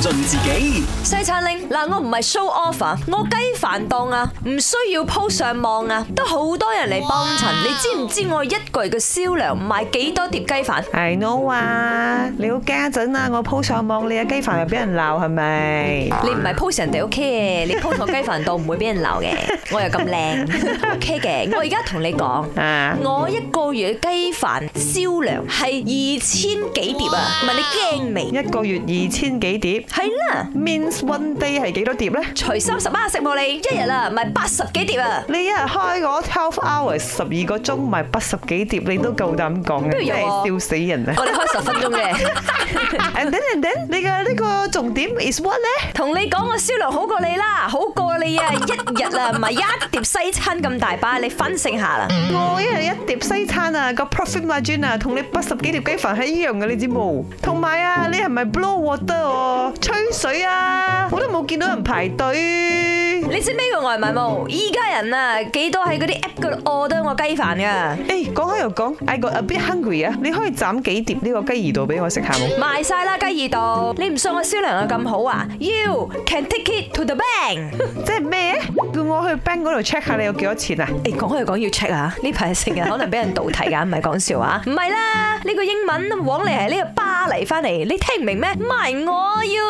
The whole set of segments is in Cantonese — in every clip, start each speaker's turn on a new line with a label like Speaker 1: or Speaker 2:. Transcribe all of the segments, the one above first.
Speaker 1: 盡自己西餐令嗱，我唔係 show off，我雞飯檔啊，唔需要鋪上網啊，都好多人嚟幫襯。你知唔知我一個月嘅銷量賣幾多碟雞飯？I know 啊，你
Speaker 2: 好家陣
Speaker 1: 啊，我鋪上網，你嘅雞飯又俾人鬧係咪？你唔係 post 人哋 ok 嘅，你鋪台雞飯檔唔會俾人鬧嘅，我又咁靚 ok 嘅。我而家同你講，我一個月嘅雞飯銷量係二千幾碟啊，唔係你驚未？一個月二千幾碟。係啦，means one day 係幾多碟咧？除三十蚊食冇你一日啊，賣八十幾碟啊！你一日開個 twelve
Speaker 2: hours 十二個鐘賣八十幾碟，你都夠膽講啊！真係笑死人啊！我哋
Speaker 1: 開十分鐘嘅，and and，你嘅呢個重點 is what 咧？同你講個銷量好過你啦，好過你啊！一日啊，唔係一碟西
Speaker 2: 餐咁大把，你分析下啦！我一日一碟西餐啊，個 profit margin 啊，同你八十幾碟雞飯係一樣嘅，你知冇？同埋啊，你係咪 blow water 哦？吹水啊！我都冇見到人
Speaker 1: 排隊。你知咩叫外賣冇？依家人啊，幾多喺嗰啲 app 嗰度 order
Speaker 2: 我雞飯㗎？誒、欸，講開又講 I got a bit hungry 啊！你可以斬幾碟呢個雞耳朵俾我食下冇？
Speaker 1: 賣曬啦雞耳朵！你唔信我銷量又咁好啊？You can take it to the bank，即係咩？叫我去 bank 嗰度 check 下你有幾多錢啊？誒、欸，講開又講要 check 啊！呢排成日可能俾人倒睇㗎。唔係講笑啊，唔係啦，呢個英文往嚟係呢個巴黎翻嚟，你聽唔明咩？唔係我要。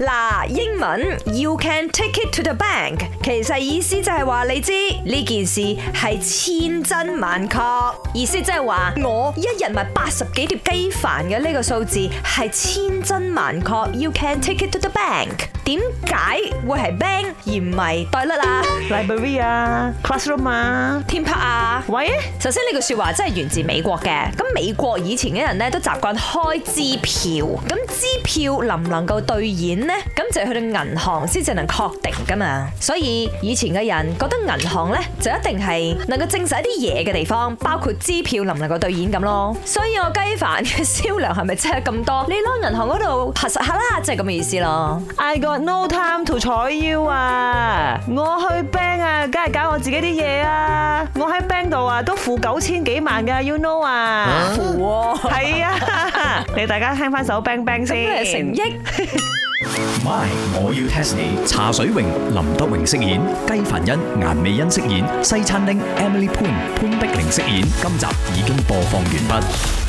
Speaker 1: 嗱、啊，英文 You can take it to the bank，其實意思就係、是、話你知呢件事係千真萬確，意思即係話我一日賣八十幾碟雞飯嘅呢個數字係千真萬確。You can take it to the bank，點解會係 bank 而唔係 dollar 啊？library 啊 ，classroom 啊，temple 啊？喂，首先呢句說話真係源自美國嘅，咁美國以前嘅人咧都習慣開支票，咁支票能唔能夠兌現？咁就去到銀行先至能確定噶嘛，所以以前嘅人覺得銀行咧就一定係能夠證實一啲嘢嘅地方，包括支票，能唔能夠兌現咁咯。所以我雞飯嘅銷量係咪真係咁多？你攞銀行嗰度核實下啦，即係咁嘅意思咯。I got no time to 采 you
Speaker 2: 啊！我去 bank 啊，梗係搞我自己啲嘢啊 you know? 對啊！我喺 bank 度啊，都付九千幾萬噶，you know 啊？負？係啊！你大家聽翻首 bang bang 先， 成億。
Speaker 1: My，我要 test 你。茶水榮，林德榮飾演；雞凡欣，顏美欣飾演；
Speaker 2: 西餐廳 Emily Poon, Poon 潘碧
Speaker 1: 玲飾演。今集已經播放完畢。